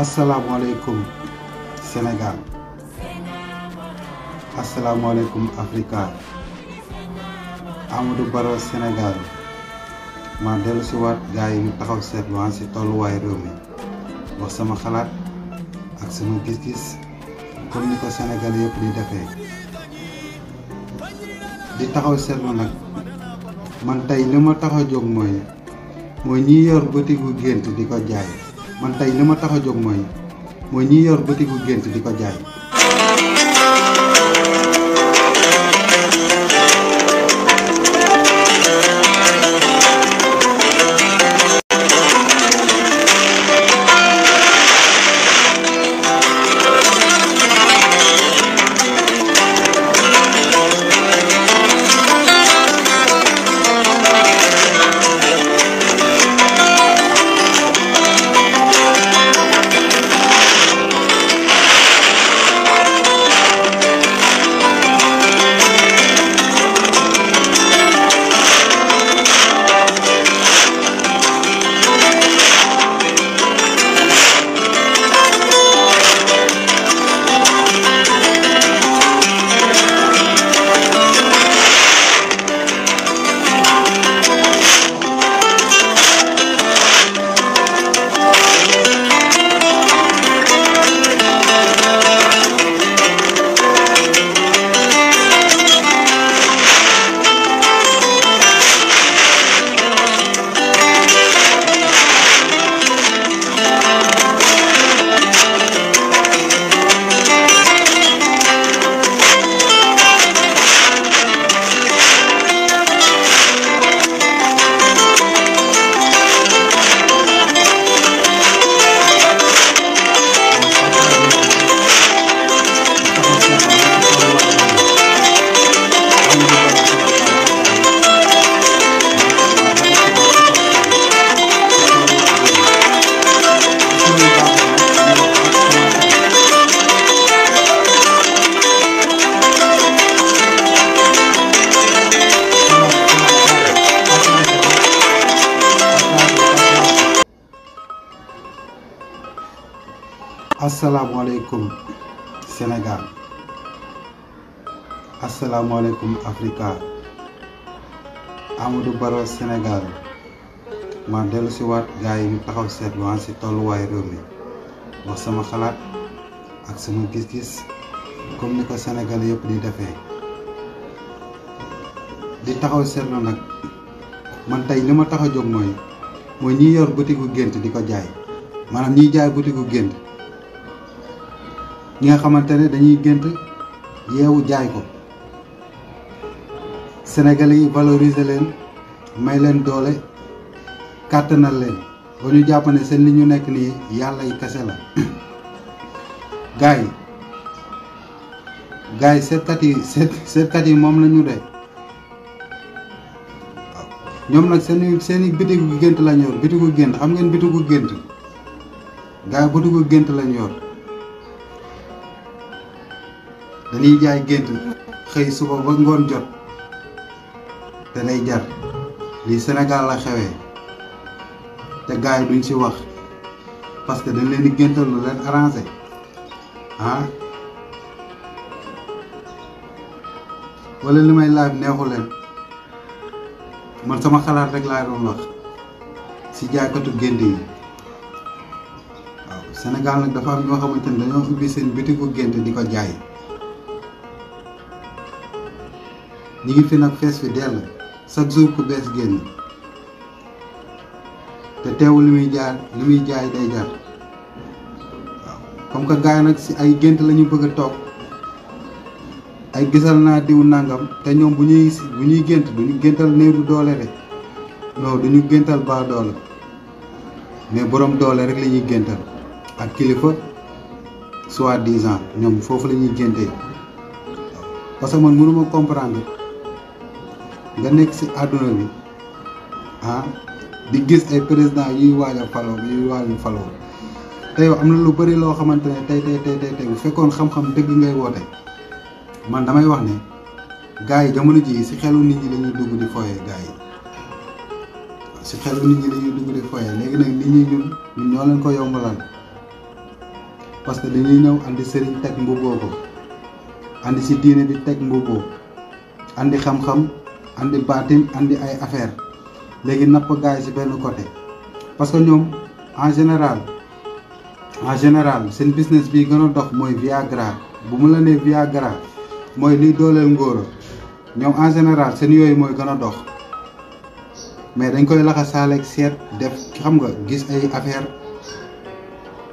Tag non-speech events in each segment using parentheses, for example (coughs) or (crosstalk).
Assalamualaikum Senegal, Assalamualaikum Afrika, Amadou Baro Senegal, ma dellu si waat gars yi ñu taxaw seetluwaan si tolluwaay réew mi wax sama xalaat ak sama gis-gis comme ni ko Sénégal di defé di taxaw lo nak man tay lima taxaw jog moy moy yor boutique jaay man tey li ma tax a jóg mooy mooy ñi yor bëtiku gént di ko jaay Assalamualaikum, Senegal. Assalamualaikum Afrika. Amadou Baro Senegal ma dellu si waat gars yi ñu taxaw seetluwaan si tolluwaay réew mi wax sama xalaat ak sama gis-gis comme ni ko Sénégal di defee di taxaw lu nak man tay lima taxaw jog moy moy ñi yor boutique gént jaay manam ñi jaay gënt ñi nga xamante ne dañuy gént yeewu jaay ko sénégalais yi valoriser leen may leen doole kàttanal leen ba ñu jàpp seen li ñu nekk nii yàlla yi kase la (coughs) gaay yi gars yi yi seet seetkat yi moom la ñu de ñoom nag seen seeni bitigu gént lañ yor bitigu gént am ngeen bitigu gént gars yi bitigu gént lañ yor dañuy jaay gént xëy suba ba ngoon jot danay jar lii Sénégal la xewee te gaay duñ ci wax parce que dañ leen di géntal lu leen arrangé ah li may laaj neexu leen man sama xalaat rek laa doon wax ci jaaykatu gént yi waaw Sénégal nag dafa am ñoo xamante ni dañoo ubbi seen bitigu gént di ko jaay ñi ngi fees fi dell chaque jour ku bees génn te teewul li muy jaar li muy jaay day jar waaw comme que gars nag si ay gént la ñu bëgg a toog ay gisal naa diw nangam te ñoom bu ñuy bu ñuy gént duñu géntal néew du doole rek non duñu géntal baa doole mais borom doole rek lañuy ñuy géntal ak kilifa soit disant ñoom foofu la ñuy géntee parce que man mënuma comprendre nga nek ci aduna bi ah di gis ay president yi waaj falo yi yuy falo tay yow am na lu bëri lo xamantene tay tay tay tay bu fekkoon xam-xam deug ngay wote man damay wax ne gaay yi jamono ji ci xelu nit ñi lañuy dugg di foye gaay yi si xelu nit ñi lañuy dugg di foye léegi nak nit ñi ñun ñu ñoo leen ko yombalal parce que dañuy ñew andi serigne tek mbugo ko andi ci diine bi tek mbugo andi xam-xam andi batim andi ay affaire legui nap gaay ci ben côté parce que ñom en général en général seen business bi gëna dox Viagra bu mu la Viagra moy li dooleel ngóora ñom en général seen yoy moy gëna a dox mais dañ koy laxasaale ak set def xam nga gis ay affaire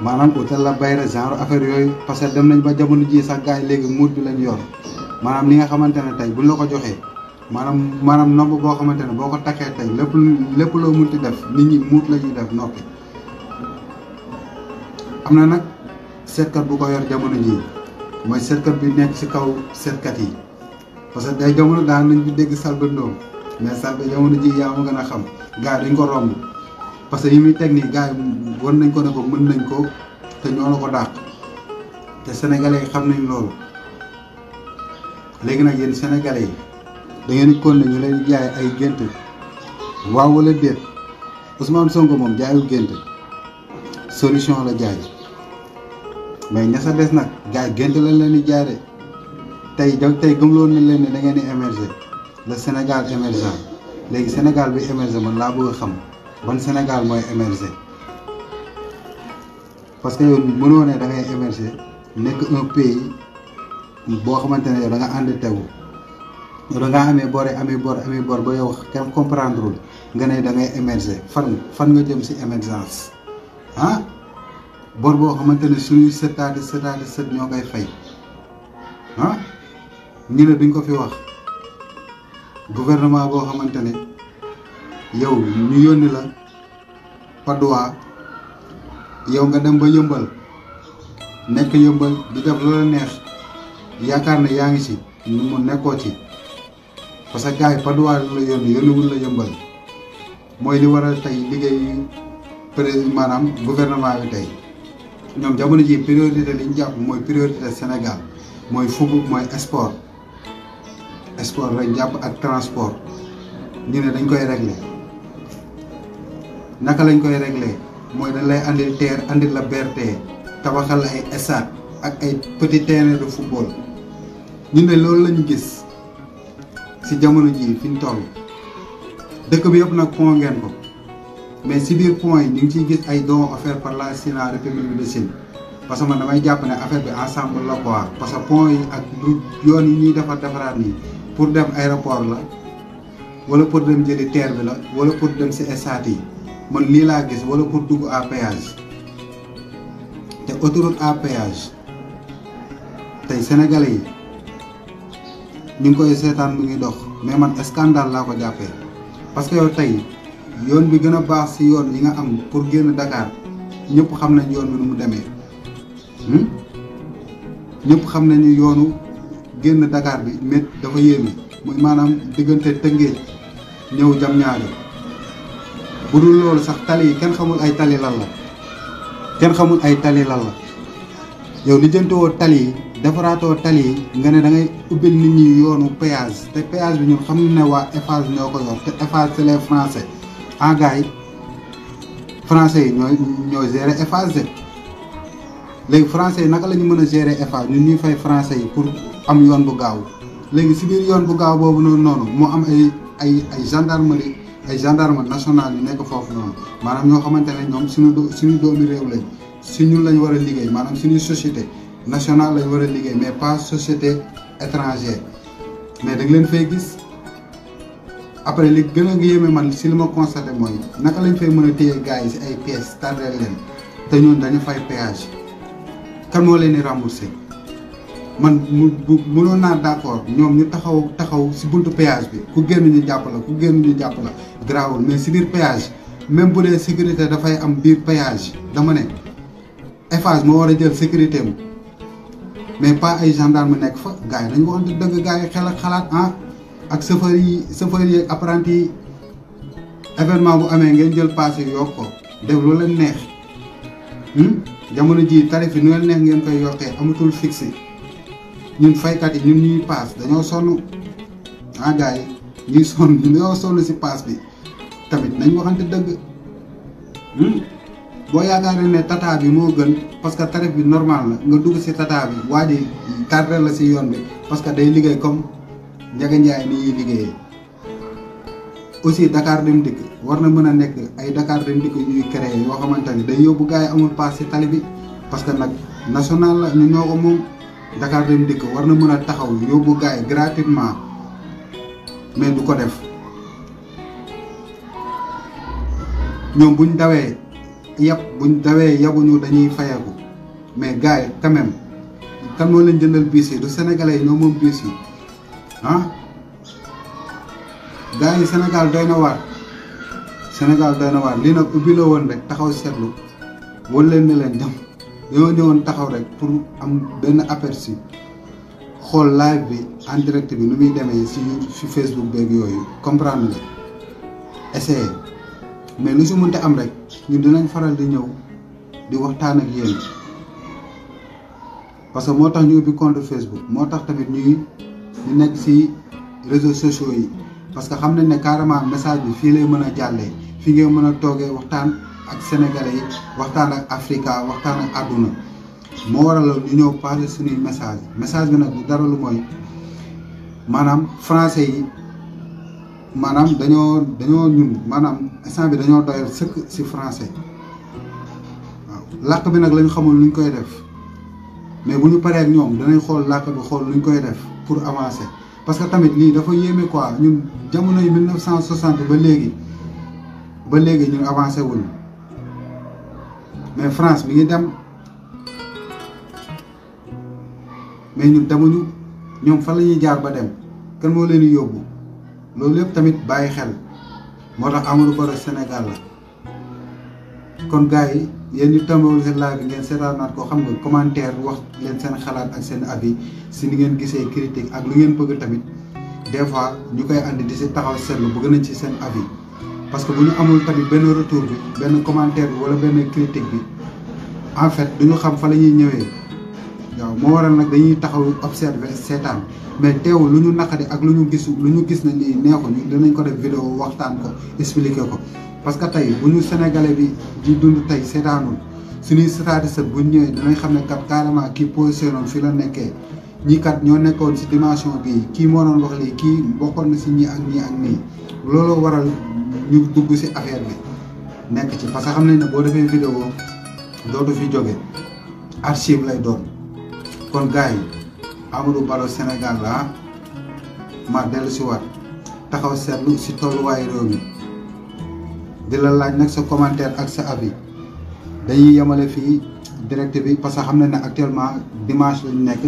manam ko tella bayra genre affaire yoy, parce que dem nañ ba jamono ji sa gaay legui léegi bi lañ yor manam li nga xamantene tay, buñ la ko joxe maanaam maanaam nopp boo xamante ne boo ko takkee tey lépp lépp loo mun munti def nit ñi muut la ñuy def noppi am na nag seetkat bu ko yor jamono jii mooy seetkat bi nekk ci kaw seetkat yi parce que day jamono daan nañ bi dégg salba ndoom mais salba jamono ji yaa ma gën a xam gars yi dañ ko romb parce que yi muy teg nii gars yi war nañ ko ne ko mën nañ ko te ñoo la ko dàq te sénégalais yi xam nañ loolu léegi nag yéen sénégalais yi da ngeen kon continuer ñu jaay ay gént waaw wala déet Ousmane Sonko moom jaayul gént solution la jaay mais ña sa des nag gaay gént lañ leen di jaare tey da tey gëmloon nañ leen ne da ngeen di émerger le Sénégal émergent léegi Sénégal bi émerger man laa bëgg a xam ban Sénégal mooy émerger parce que yow mënoo ne da ngay émerger nekk un pays boo xamante ne yow da nga ànd tewu wala nga amé boré amé bor amé bor ba yow kenn comprendreul nga né da ngay émerger fan fan nga jëm ci émergence ah bor bo xamante suñu suñuy sëtaati sëtaati sët ñoo koy fay ah ñu ne duñ ko fi wax gouvernement bo xamante yow ñu yoni la padoa yow nga dem ba yëmbal nek yëmbal di def la neex yaakar na yaangi ci mu nekkoo ci parce que gars yi paduwaar la yoon yónniwul la yombal moy li waral tay ligay président maanaam gouvernement bi tay ñom jamono ji priorité li ñu japp moy priorité Sénégal moy fubu moy sport sport lañ japp ak transport ñu né dañ koy régler naka lañ koy régler moy dañ lay andil terre andil la berté tabaxal ay stade ak ay petit terrain de football ñu né loolu lañu gis si jamono jii fi ñu toll dëkk bi yëpp nag pont ngeen ko mais si biir pont yi ñu ngi ciy gis ay dons offerts par la Sénat République de Chine parce que man damay jàpp ne affaire bi ensemble la quoi parce que pont yi ak lu yoon yi ñuy defar defaraat yi pour dem aéroport la wala pour dem jëli teer bi la wala pour dem si stade yi man lii laa gis wala pour dugg à péage te autoroute à péage tey sénégalais yi. ñu ngi koy seetaan mu ngi dox mais man scandale laa ko jàppee parce que yow tey yoon bi gën a baax si yoon yi nga am pour génn Dakar ñëpp xam nañ yoon bi nu mu demee hmm? xam nañu yoonu génn Dakar bi mét dafa yéeme muy maanaam diggante Tëngéej ñëw jam ñaajo bu dul loolu sax tali yi kenn xamul ay tali lan la kenn xamul ay tali lan la yow lijjanti woo tali yi defaraatoo tali nga ne da ngay ubbil nit ñi yoonu péage te péage bi ñun xam ne waa Eiffage ñoo ko yor te Eiffage c'est les français en gars yi français yi ñooy ñoo gérer Eiffage léegi français yi naka la ñu mën a gérer Eiffage ñun ñuy fay français yi pour am yoon bu gaaw léegi si biir yoon bu gaaw boobu noonu noonu moo am ay ay ay gendarmerie ay gendarme national yu nekk foofu noonu maanaam ñoo xamante ne ñoom suñu suñu doomi réew lañ si ñun lañ war a liggéey maanaam suñuy société national lañ war a liggéey mais pas société étrangère mais da leen fay gis après li gën a yéeme man si li ma constaté mooy naka lañ fay mën a téye gars yi si ay pièces tardé leen te ñoon dañu fay péyage kan moo leen di si man mu mënoon naa d'accord ñoom ñu taxaw taxaw si buntu péage bi ku génn ñu jàpp la ku génn ñu jàpp la grawul mais si biir péage même bu dee sécurité dafay am biir péage dama ne Eiffage moo war a jël sécurité am mais pas ay gendarme nekk fa gars yi dañu waxante dëgg gars yi xel ak xalaat ah ak chauffeur yi chauffeur yi apprenti yi événement bu amee ngeen jël paase yokk ko def lu leen neex hmm? jamono ji tarif yi nu leen neex ngeen koy yokkee amatul fixe ñun faykat yi ñun ñuy paas dañoo sonn ah gars yi ñuy sonn dañoo sonn si paas bi tamit nañ waxante dëgg. Hmm? bo yaakaare ne tata bi mo gën parce que tarif bi normal la nga dugg ci tata bi waa ji tardé la ci yoon bi parce que day liggéey comme ñaga ñay ni ñuy liggéeyee. aussi Dakar Dem dik war na mën a ay Dakar Dem dik ñuy créer yo xamantani day yobu gaay amul pass ci tali bi parce que nak national la ñu ñoko mom Dakar Dem dik war na mën taxaw yobu gaay gratuitement mais du ko def ñom buñ dawé yab buñ dawee ñu dañuy fayeeku mais gars yi quand même leen jëndal biis yi du sénégalais yi ñoo moom biis yi ah gars yi Sénégal doy na waar Sénégal doy na waar lii nag ubbi la woon rek taxaw seetlu wala leen ne leen dem dañoo ñëwoon taxaw rek pour am benn aperçu xool live bi en direct bi nu muy demee si si Facebook beeg yooyu comprendre nga e mais lu si mënta am rek. ñu dinañ faral di ñëw di waxtaan ak yéen parce que moo tax ñu ubbi compte Facebook moo tax tamit ñu nekk ci réseaux sociaux yi parce que xam nañ ne carrément message bi fii lay mën a jàllee fii ngay mën a toogee waxtaan ak sénégalais yi waxtaan ak Africa waxtaan ak àdduna moo waraloon ñu ñëw passé suñuy message message bi nag du dara lu mooy maanaam français yi. maanaam dañoo dañoo ñun maanaam instant bi dañoo doyal sëkk si français waaw làkk bi nag lañ xamul luñ koy def mais bu ñu paree ak ñoom danañ xool làkk bi xool luñ koy def pour avancer parce que tamit lii dafa yéeme quoi ñun jamono yi 1960 ba léegi ba léegi ñun avancé wul mais France bi ngi dem mais ñu demuñu ñoom fan la ñuy jaar ba dem kan moo leen di yóbbu. loolu yëpp tamit bàyyi xel moo tax Amadou Baro Sénégal la kon gars yi yéen ñu tàmbali seen laaj bi ngeen seetaanaat ko xam nga commentaire wax leen seen xalaat ak seen avis si ni ngeen gisee critique ak lu ngeen bëgg tamit des fois ñu koy andi di si taxaw seetlu bëgg nañ ci seen avis parce que bu ñu amul tamit benn retour bi benn commentaire bi wala benn critique bi en fait duñu xam fa la ñuy ñëwee. waaw moo waral nag dañuy taxaw observer seetaan mais teewul lu ñu naqari ak lu ñu gis lu ñu gis na lii neexuñu dinañ ko def vidéo waxtaan ko expliquer ko parce que tey bu ñu sénégalais bi di dund tey seetaanul suñuy statistique bu ñu ñëwee dinañ xam ne kat carrément kii positionnoon fi la nekkee ñii kat ñoo nekkoon si dimension bii kii moo doon wax lii kii bokkoon na si ñii ak ñii ak nii looloo waral ñu dugg si affaire bi nekk ci parce que xam nañ ne boo defee vidéo dootu fi jóge archive lay doon kon gars yi Amadou Baro Sénégal la ma dellu si waat taxaw seetlu si tolluwaayu réew mi di la laaj nag sa commentaire ak sa avis dañuy yemale fii direct bi parce que xam na ne actuellement dimanche lañu nekk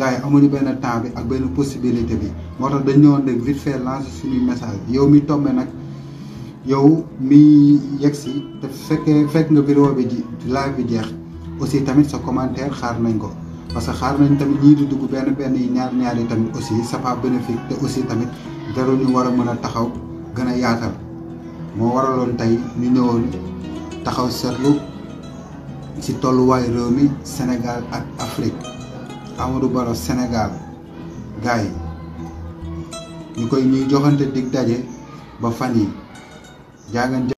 gars amuñu benn temps bi ak benn possibilité bi moo tax dañ ñëwoon rek vite fait lancer suñuy message yow mi tome nag yow mi yegg si te fekkee fekk nga vidéo bi ji live bi jeex aussi tamit sa commentaire xaar nañ ko parce que xaar nañ tamit ñi di dugg benn benn yi ñaar ñaar yi tamit aussi c'est pas bénéfique te aussi tamit jaru ñu war a mën a taxaw gën a yaatal moo waraloon tey ñu ñëwoon taxaw seetlu ci tolluwaayu réew mi Sénégal ak Afrique Amadou Baro Sénégal gaay yi ñu koy ñuy joxante dig daje ba fan yi jaagan